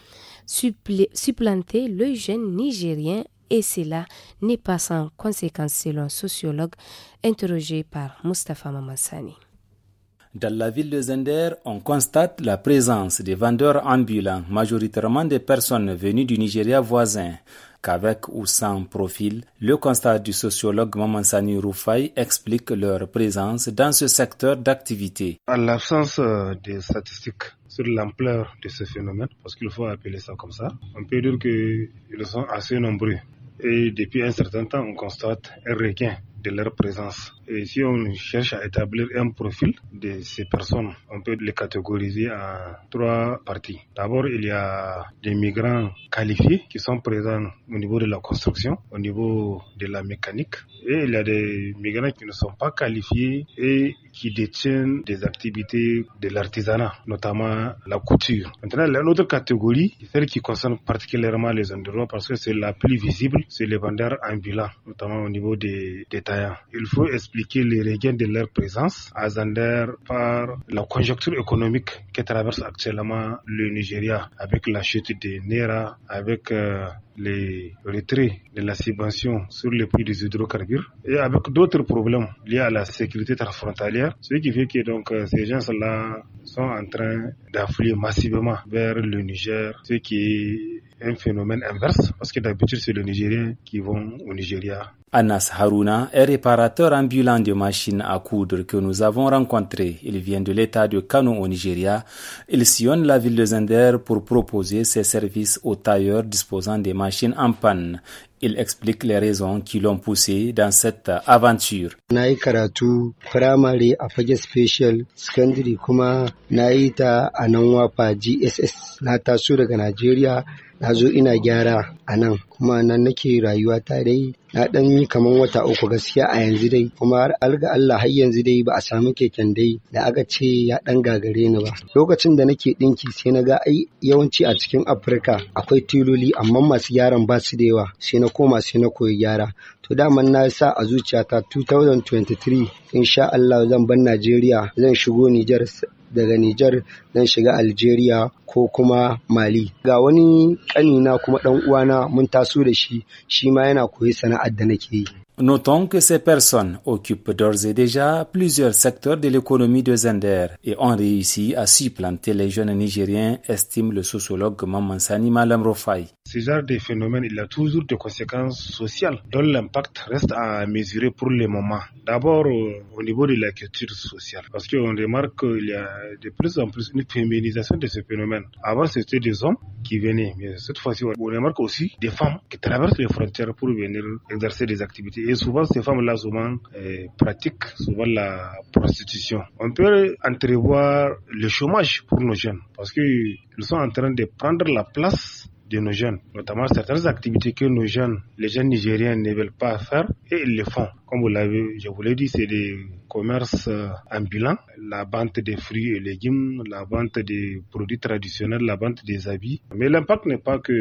supplanter le jeune nigérien et cela n'est pas sans conséquence selon un sociologue interrogé par Mustafa Mamassani. Dans la ville de Zender, on constate la présence des vendeurs ambulants, majoritairement des personnes venues du Nigeria voisin qu'avec ou sans profil, le constat du sociologue Mamansani Rufai explique leur présence dans ce secteur d'activité. À l'absence euh, des statistiques sur l'ampleur de ce phénomène, parce qu'il faut appeler ça comme ça, on peut dire qu'ils sont assez nombreux. Et depuis un certain temps, on constate un requin de leur présence et si on cherche à établir un profil de ces personnes, on peut les catégoriser en trois parties. D'abord, il y a des migrants qualifiés qui sont présents au niveau de la construction, au niveau de la mécanique. Et il y a des migrants qui ne sont pas qualifiés et qui détiennent des activités de l'artisanat, notamment la couture. Maintenant, l'autre catégorie, celle qui concerne particulièrement les endroits parce que c'est la plus visible, c'est les vendeurs ambulants, notamment au niveau des taillants. Il faut expliquer expliquer les regains de leur présence à Zander par la conjoncture économique que traverse actuellement le Nigeria avec la chute des nera avec euh, les retraits de la subvention sur les prix des hydrocarbures et avec d'autres problèmes liés à la sécurité transfrontalière, ce qui fait que donc euh, ces gens-là sont en train d'affluer massivement vers le Niger, ce qui est un phénomène inverse parce que d'habitude c'est les Nigériens qui vont au Nigeria. Anas Haruna est réparateur ambulant de machines à coudre que nous avons rencontré. Il vient de l'état de Kano au Nigeria. Il sillonne la ville de Zender pour proposer ses services aux tailleurs disposant des machines en panne. Il explique les raisons qui l'ont poussé dans cette aventure. na zo ina gyara a nan kuma nan nake rayuwa ta dai na dan yi kaman wata uku gaskiya a yanzu dai kuma har ga Allah har yanzu dai ba a samu keken dai da aka ce ya dan gagare ni ba lokacin da nake dinki sai na ga ai yawanci a cikin Afirka akwai tiloli amma masu gyaran ba su da yawa sai na koma sai na koyi gyara to daman na sa a zuciyata 2023 insha Allah zan bar Najeriya zan shigo Nijar Notons que ces personnes occupent d'ores et déjà plusieurs secteurs de l'économie de Zender et ont réussi à supplanter les jeunes Nigériens, estime le sociologue Mamansani Malam ce genre de phénomène, il a toujours des conséquences sociales dont l'impact reste à mesurer pour le moment. D'abord, euh, au niveau de la culture sociale, parce qu'on remarque qu'il y a de plus en plus une féminisation de ce phénomène. Avant, c'était des hommes qui venaient, mais cette fois-ci, on remarque aussi des femmes qui traversent les frontières pour venir exercer des activités. Et souvent, ces femmes-là, souvent, euh, pratiquent souvent la prostitution. On peut entrevoir le chômage pour nos jeunes, parce qu'ils sont en train de prendre la place de nos jeunes, notamment certaines activités que nos jeunes, les jeunes nigériens ne veulent pas faire et ils le font. Comme vous l'avez, je vous l'ai dit, c'est des commerces euh, ambulants, la vente des fruits et légumes, la vente des produits traditionnels, la vente des habits. Mais l'impact n'est pas que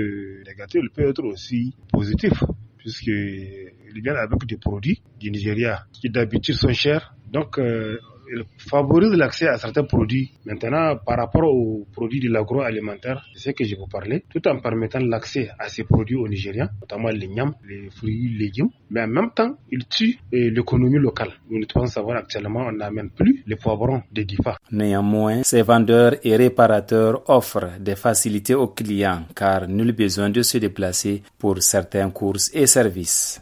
négatif, il peut être aussi positif, puisque ils viennent avec des produits du Nigeria qui d'habitude sont chers. Donc, euh, elle favorise l'accès à certains produits. Maintenant, par rapport aux produits de l'agroalimentaire, c'est ce que je vous parlais, tout en permettant l'accès à ces produits aux Nigériens, notamment les nyams, les fruits, les légumes. Mais en même temps, il tue euh, l'économie locale. Nous ne pouvons savoir actuellement, on n'amène plus les poivrons des DIFA. Néanmoins, ces vendeurs et réparateurs offrent des facilités aux clients car nul besoin de se déplacer pour certaines courses et services.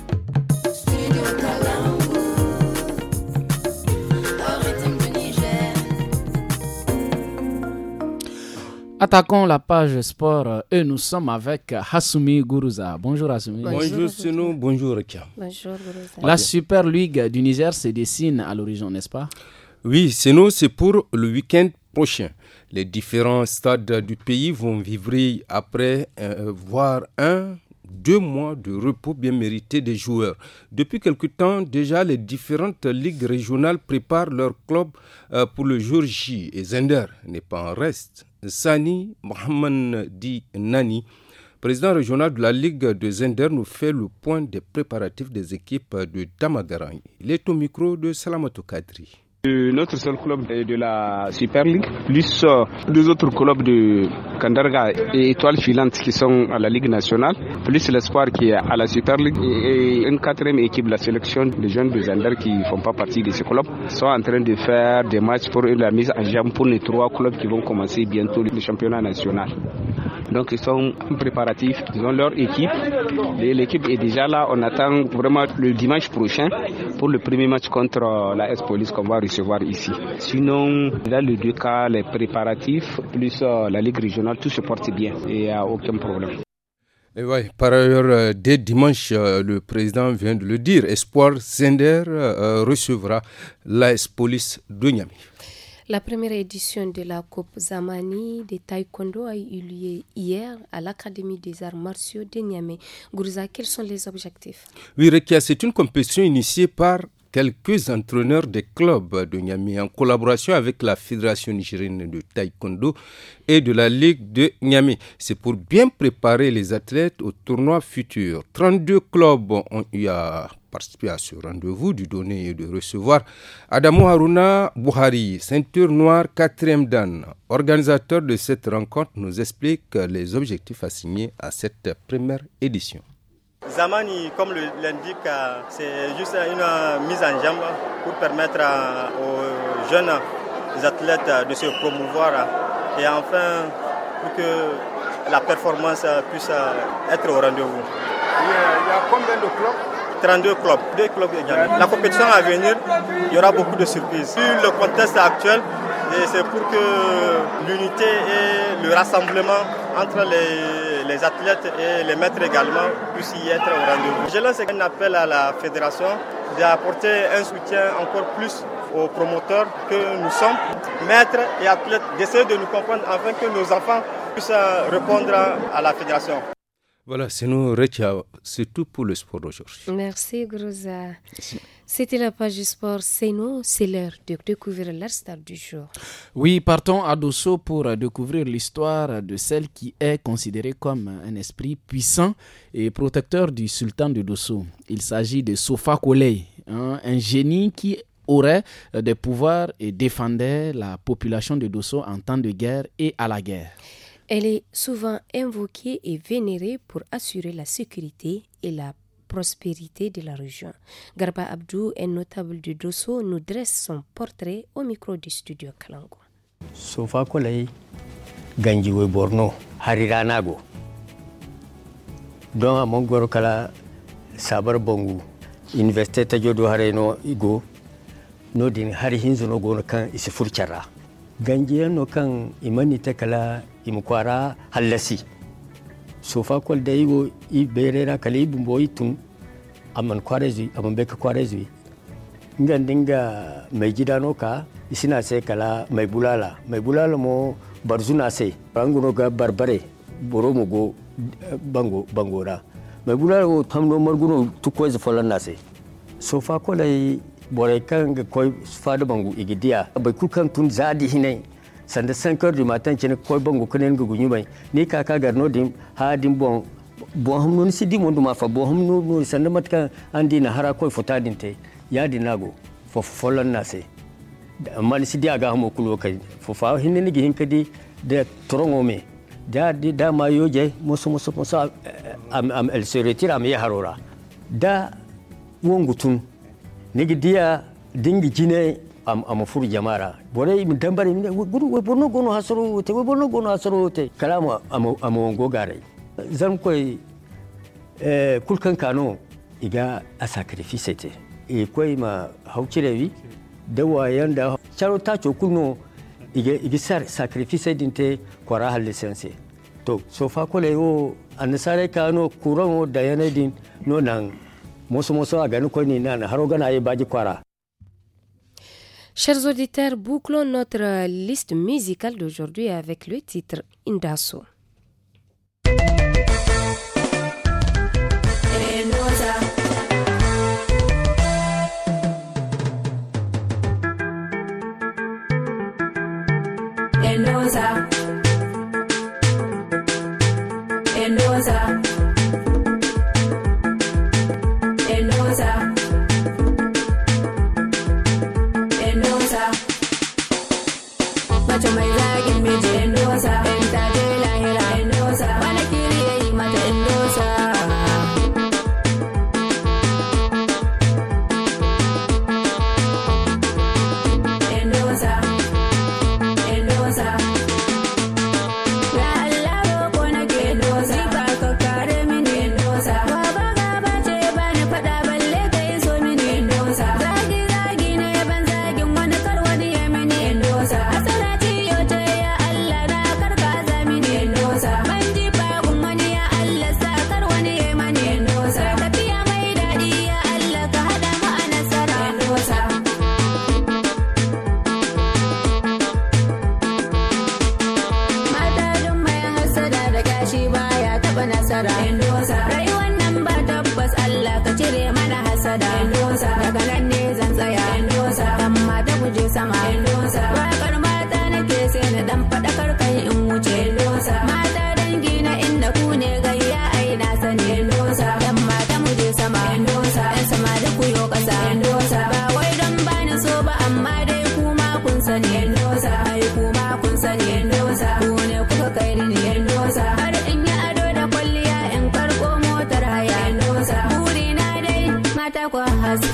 Attaquons la page sport euh, et nous sommes avec Hasumi Gourouza. Bonjour Hassoumi. Bonjour Sinou, bonjour Kia. Bonjour, La Super League du Niger se dessine à l'horizon, n'est-ce pas Oui, Sinou, c'est pour le week-end prochain. Les différents stades du pays vont vivre après, euh, voir voire un deux mois de repos bien mérité des joueurs. Depuis quelque temps, déjà, les différentes ligues régionales préparent leur club euh, pour le jour J et Zender n'est pas en reste. Sani Mohamed Di Nani, président régional de la Ligue de Zender, nous fait le point des préparatifs des équipes de Tamagaran. Il est au micro de Salamato Kadri notre seul club de la Super League, plus euh, deux autres clubs de Kandarga et Étoile Filante qui sont à la Ligue nationale, plus l'Espoir qui est à la Super League et une quatrième équipe, la sélection des jeunes de Zander qui ne font pas partie de ce club, sont en train de faire des matchs pour la mise en jambe pour les trois clubs qui vont commencer bientôt le championnat national. Donc ils sont préparatifs, ils ont leur équipe. et L'équipe est déjà là, on attend vraiment le dimanche prochain pour le premier match contre euh, la S-Police qu'on va voir ici. Sinon, là le deux cas, les préparatifs plus euh, la Ligue régionale, tout se porte bien et il n'y a aucun problème. par ailleurs, euh, dès dimanche, euh, le président vient de le dire, Espoir Zender recevra l'AS Police de Niamey. La première édition de la Coupe Zamani de Taekwondo a eu lieu hier à l'Académie des arts martiaux de Niamey. Gourza, quels sont les objectifs Oui, Rekia, c'est une compétition initiée par quelques entraîneurs des clubs de Niamey en collaboration avec la Fédération nigérienne de taekwondo et de la Ligue de Niamey. C'est pour bien préparer les athlètes au tournoi futur. 32 clubs ont eu à participer à ce rendez-vous du donner et de recevoir. Adamo Haruna Bouhari, ceinture noire, quatrième dan, organisateur de cette rencontre, nous explique les objectifs assignés à cette première édition. Zamani, comme l'indique, euh, c'est juste une mise en jambe pour permettre euh, aux jeunes athlètes de se promouvoir et enfin pour que la performance puisse être au rendez-vous. Il y a combien de clubs 32 clubs, deux clubs également. La compétition à venir, il y aura beaucoup de surprises. Sur le contexte actuel, c'est pour que l'unité et le rassemblement entre les, athlètes et les maîtres également puissent y être au rendez-vous. Je lance un appel à la fédération d'apporter un soutien encore plus aux promoteurs que nous sommes, maîtres et athlètes, d'essayer de nous comprendre afin que nos enfants puissent répondre à la fédération. Voilà, c'est tout pour le sport d'aujourd'hui. Merci, Groza. C'était la page du sport. C'est nous, c'est l'heure de découvrir l'art star du jour. Oui, partons à Dosso pour découvrir l'histoire de celle qui est considérée comme un esprit puissant et protecteur du sultan de Dosso. Il s'agit de Sofa Kolei, hein, un génie qui aurait euh, des pouvoirs et défendait la population de Dosso en temps de guerre et à la guerre. Elle est souvent invoquée et vénérée pour assurer la sécurité et la prospérité de la région. Garba Abdou, un notable du Dosso, nous dresse son portrait au micro du studio Kalango. Sofa Kolei, Ganjiwe Borno, Hariranago. Don a kala sabar bongu université ta jodo hareno igo no din kan yano kan imani tekala imukwara hallasi sofa kol daigo i berera kala i bumbo i tun aman kwarezui aman beka kwarezui ngan dinga mai gidano ka isina se kala mai bulala mai bulala mo barzuna se ranguno ga barbare boromo go bango bangora mai bulala o tamno marguno tukoze folan na se sofa kolai bore kan ga koi fada bangu igidiya bai kan tun zadi hinai sanda kar du matan cin koi bangu kanen ga gunyu bai ni kaka garno dim ha dim bon bon hum nun sidi mon du mafa bon hum nun nun sanda matka andi na hara koi fota din te ya dinago fo folon na se amma ni sidi aga hamo kulo kai fo fa hinne ni gihin kadi da torongo me da da ma yoje musu musu musu eh, eh, am am el se retira am ya harora da wongutun nigi dia dingi jine am am furu jamara bore mi dambare mi gudu we borno gono hasoro te we borno gono hasoro te kalama am am wongo gare zan koy eh kulkan kano iga a sacrifice te e koy ma haucire wi da wayan da charo ta chokuno iga iga sar sacrifice dinte kwara halisense to so fa kole yo annasare kano kuran da yanadin no nan Chers auditeurs, bouclons notre liste musicale d'aujourd'hui avec le titre Indasso.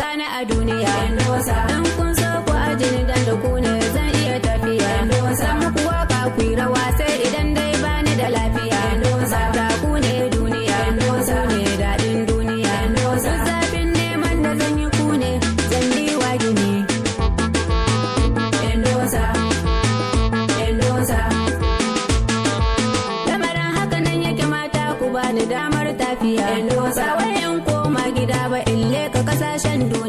rana a duniya in kun so ku ajini dan da ku ne zan iya tafiya samu ku waka ku rawa sai idan dai bani da lafiya Gracias,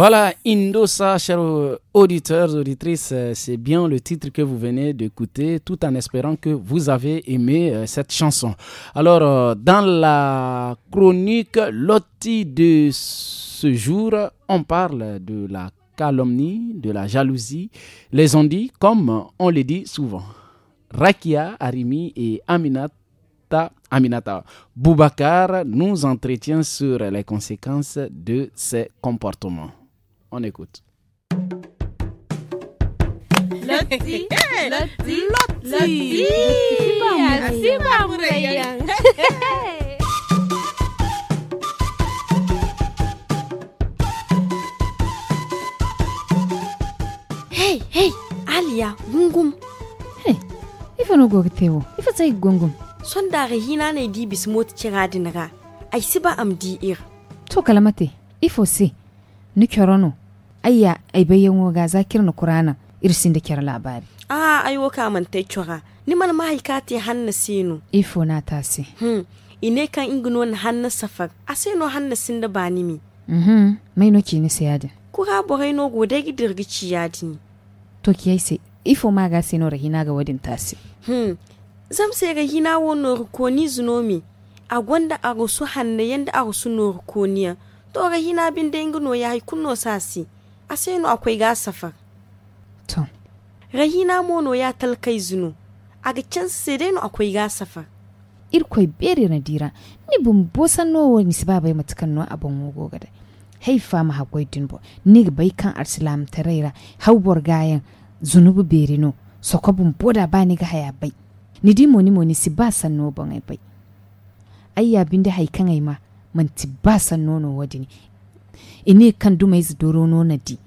Voilà, Indosa, chers auditeurs, auditrices, euh, c'est bien le titre que vous venez d'écouter, tout en espérant que vous avez aimé euh, cette chanson. Alors, euh, dans la chronique Loti de ce jour, on parle de la calomnie, de la jalousie, les ont dit, comme on les dit souvent. Rakia, Arimi et Aminata. Aminata Boubacar nous entretient sur les conséquences de ces comportements. On écoute. Loti, loti, loti, Hey, hey, Alia, gungum. Hey, ifa nogo go tewo, ifa sai gungum. Son dare hina ne di bismot kira dinaga. Ai siba am di ir. To kalamate, ifo si. nikorono ayya ay bayan waga zakir na kurana irsin da kyar labari a ai woka man tai cura ni man mahaika te hanna sinu ifo na tasi hmm ine kan ingino na hanna safar a sino hanna sin da bani mi mhm mai no kini sai yadin kura borai no gode gidirgi ci yadin to kiyai sai ifo ma ga sino rahina ga wadin tasi hmm zam sai hina wono ko ni zunomi a gonda a rusu hanna yanda a rusu no niya to ga hina bin da ingino ya yi kunno sasi a sai no akwai gasafa to rahina mono ya talkai zuno a ga can sai dai no akwai gasafa irkoi beri na dira ni bun bosa no ni siba bai matukan no abon wogo gada haifa ma hakoi dinbo ni bai kan arsalam taraira haubor gayan zunubu beri no sokobun boda ba ni ga haya bai ni di moni moni si ba san no bon ai bai ayya ya haikan ai ma manti basa nono wadini ini kan duma izi doro no nadi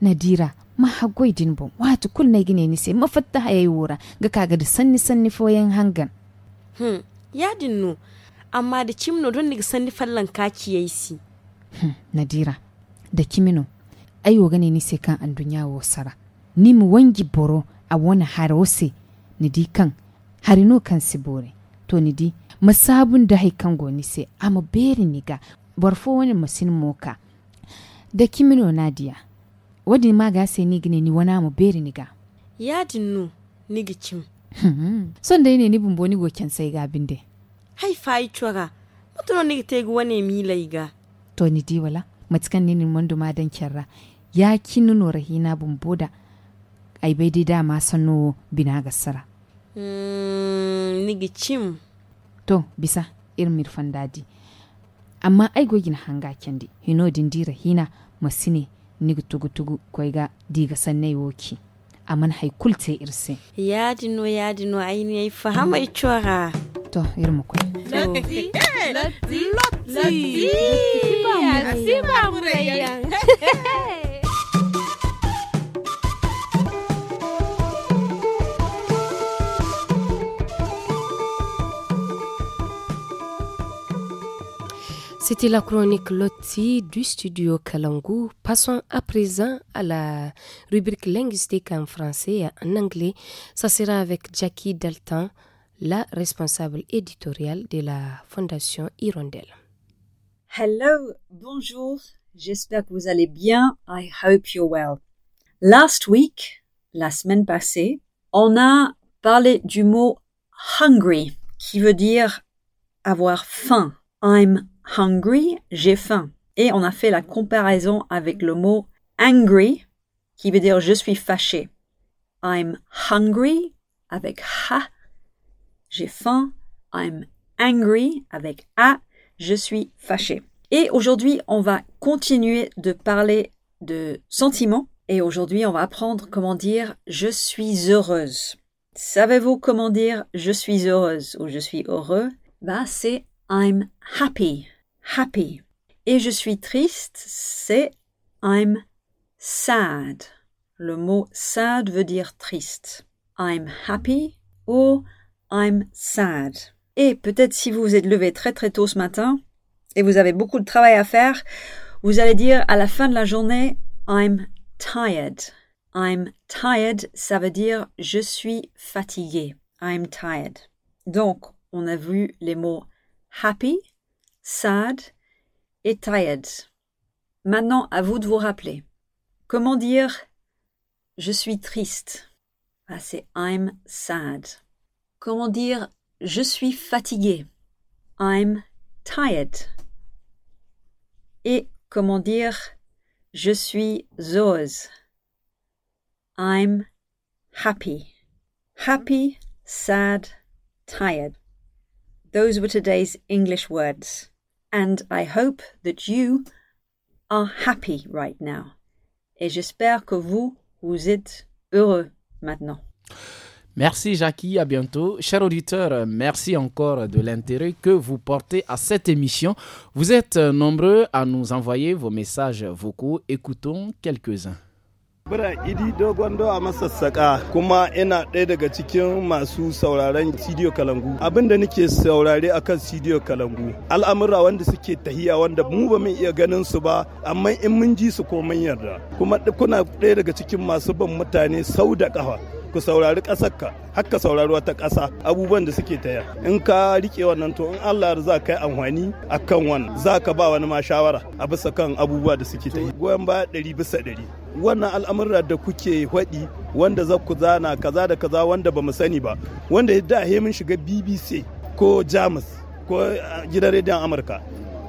nadira ma hagoi din bon wato kul na gine ni sai mafatta hayayi wura ga kaga da sanni sanni foyen hangan hmm ya dinnu amma da kimno don ni sanni fallan kaki yayi si hmm. nadira da kimino ayo gane ni sai kan an dunya wo sara ni mu wangi boro a wani harose ni di kan harino kan sibore to ni di masabun da haikan goni sai ama beri ga barfo wani masin moka da kimino nadia wadi ma ga sai ni gine ni wani mu beri niga ya dinnu ni gicin hmm. son dai ne ni bumbo ni goken sai ga binde hai fai chuaga mutuno ni te go wane mi ga to ni di wala matikan ni ni mondo ma dan kyarra ya no rahina bumbo da ai bai dai dama sanno bina gasara mm, ni gicim to bisa irin mirfan dadi amma ai gogin hanga kendi hino dindira hina masine nigu tugu tugu koiga diga sannai woki aman hay kulte irse yadino yadino ayini ay fahama ichora to irmu koy lati lati lati lati lati C'était la chronique Lotti du studio Kalangu. Passons à présent à la rubrique linguistique en français et en anglais. Ça sera avec Jackie Dalton, la responsable éditoriale de la Fondation Hirondelle. Hello, bonjour. J'espère que vous allez bien. I hope you're well. Last week, la semaine passée, on a parlé du mot hungry, qui veut dire avoir faim. I'm hungry, j'ai faim. Et on a fait la comparaison avec le mot angry, qui veut dire je suis fâché. I'm hungry avec ha, j'ai faim. I'm angry avec a, je suis fâché. Et aujourd'hui, on va continuer de parler de sentiments. Et aujourd'hui, on va apprendre comment dire je suis heureuse. Savez-vous comment dire je suis heureuse ou je suis heureux Bah, c'est I'm happy happy. Et je suis triste, c'est I'm sad. Le mot sad veut dire triste. I'm happy ou I'm sad. Et peut-être si vous vous êtes levé très très tôt ce matin et vous avez beaucoup de travail à faire, vous allez dire à la fin de la journée I'm tired. I'm tired, ça veut dire je suis fatigué. I'm tired. Donc, on a vu les mots happy, Sad et tired. Maintenant, à vous de vous rappeler. Comment dire je suis triste ah, C'est I'm sad. Comment dire je suis fatigué I'm tired. Et comment dire je suis heureuse I'm happy. Happy, sad, tired. Those were today's English words. I hope that you are happy right now. Et j'espère que vous, vous êtes heureux maintenant. Merci Jackie, à bientôt. Chers auditeurs, merci encore de l'intérêt que vous portez à cette émission. Vous êtes nombreux à nous envoyer vos messages vocaux. Écoutons quelques-uns. Bira Idi Dogon Dawa masassaka. kuma ina ɗaya daga cikin masu sauraron Sidiyo Kalangu. Abin da nake saurare akan Sidiyo Kalangu al'amura wanda suke tahiya wanda mu ba mun iya ganin su ba amma in mun ji su ko mun yarda. Kuma kuna ɗaya daga cikin masu ban mutane sau da ƙafa. ku saurari ƙasar ka hakka saurari wata ƙasa abubuwan da suke taya in ka rike wannan to in Allah za kai yi amfani akan wannan za ka ba wani ma shawara a bisa kan abubuwa da suke ta yi goyon baya ɗari bisa ɗari wannan al'amura da kuke faɗi wanda za ku zana kaza da kaza wanda bamu sani ba wanda da mun shiga bbc ko jamus ko eh, gidan rediyon amurka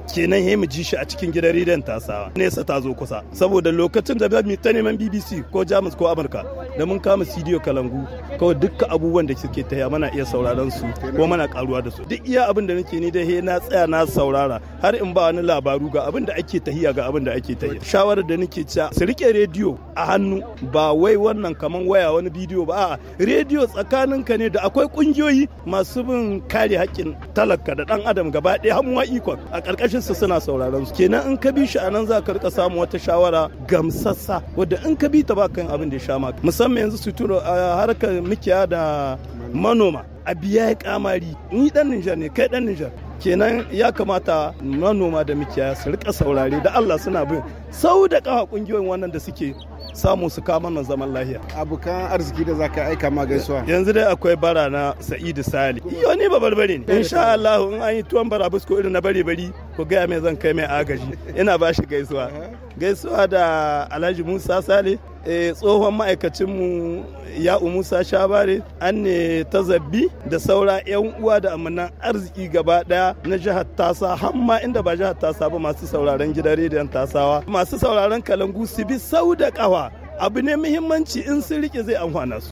kenan he mu ji shi a cikin gidan rediyon tasawa nesa ta zo kusa saboda lokacin da mu ta neman bbc ko jamus ko amurka da mun kama cdo kalangu kawai dukkan abubuwan da suke taya mana iya sauraron su ko mana karuwa da su duk iya abin da nake ni da he na tsaya na saurara har in ba wani labaru ga abin da ake tahiya ga abin da ake tahiya shawarar da nake cewa su rike rediyo a hannu ba wai wannan kaman waya wani bidiyo ba a'a rediyo ka ne da akwai kungiyoyi masu bin kare haƙƙin talaka da dan adam gaba ɗaya har ikon a ƙarƙashin kasashen su suna sauraron su kenan in ka bi shi anan za ka rika samu wata shawara gamsassa wadda in ka bi ta ba kan abin da ya sha maka musamman yanzu su turo harkar mikiya da manoma biya ya kamari ni dan Nijar ne kai dan Nijar kenan ya kamata manoma da mikiyaya su rika saurare da Allah suna bin sau da kawa kungiyoyin wannan da suke samu su kama nan zaman lahiya abokan arziki da zaka aika ma gaisuwa yanzu dai akwai bara na sa'idu sali iyo ni ba barbari ne insha Allah in an yi tuwon barabusko ko irin na bari bari ko gaya mai zan kai mai agaji ina ba shi gaisuwa gaisuwa da alhaji musa sale eh, tsohon ma'aikacinmu ya'u musa shabare an ne ta zabbi da saura 'yan uwa da amanan arziki gaba daya na jihar tasa hamma inda ba jihar tasa ba masu sauraron gidan rediyon tasawa masu sauraron kalangu su bi sau da kawa abu ne muhimmanci in sun rike zai amfana su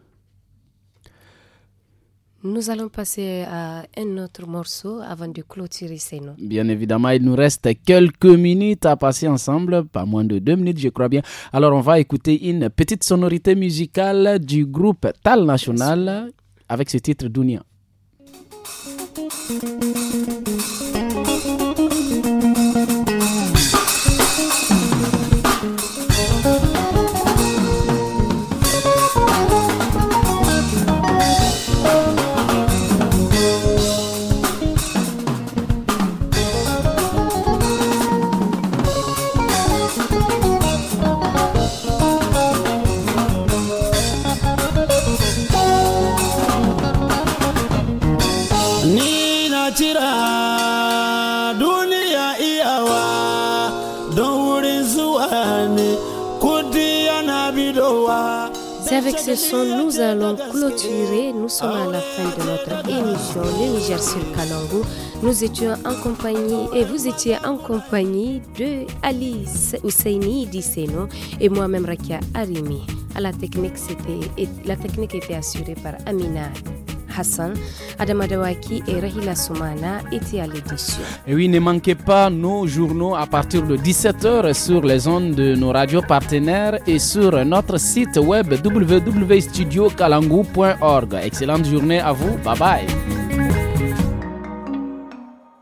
Nous allons passer à un autre morceau avant de clôturer ces noms. Bien évidemment, il nous reste quelques minutes à passer ensemble, pas moins de deux minutes, je crois bien. Alors, on va écouter une petite sonorité musicale du groupe Tal National avec ce titre Dunia. ce son, nous allons clôturer. Nous sommes à la fin de notre émission Le Niger sur Kalangou. Nous étions en compagnie et vous étiez en compagnie de Alice Ousseini Disseno et moi-même Rakia Arimi. À la technique, la technique était assurée par Amina Hassan, Adama et Rahila Soumana étaient à l'édition. Et oui, ne manquez pas nos journaux à partir de 17h sur les ondes de nos radios partenaires et sur notre site web www.studiocalangou.org. Excellente journée à vous. Bye bye.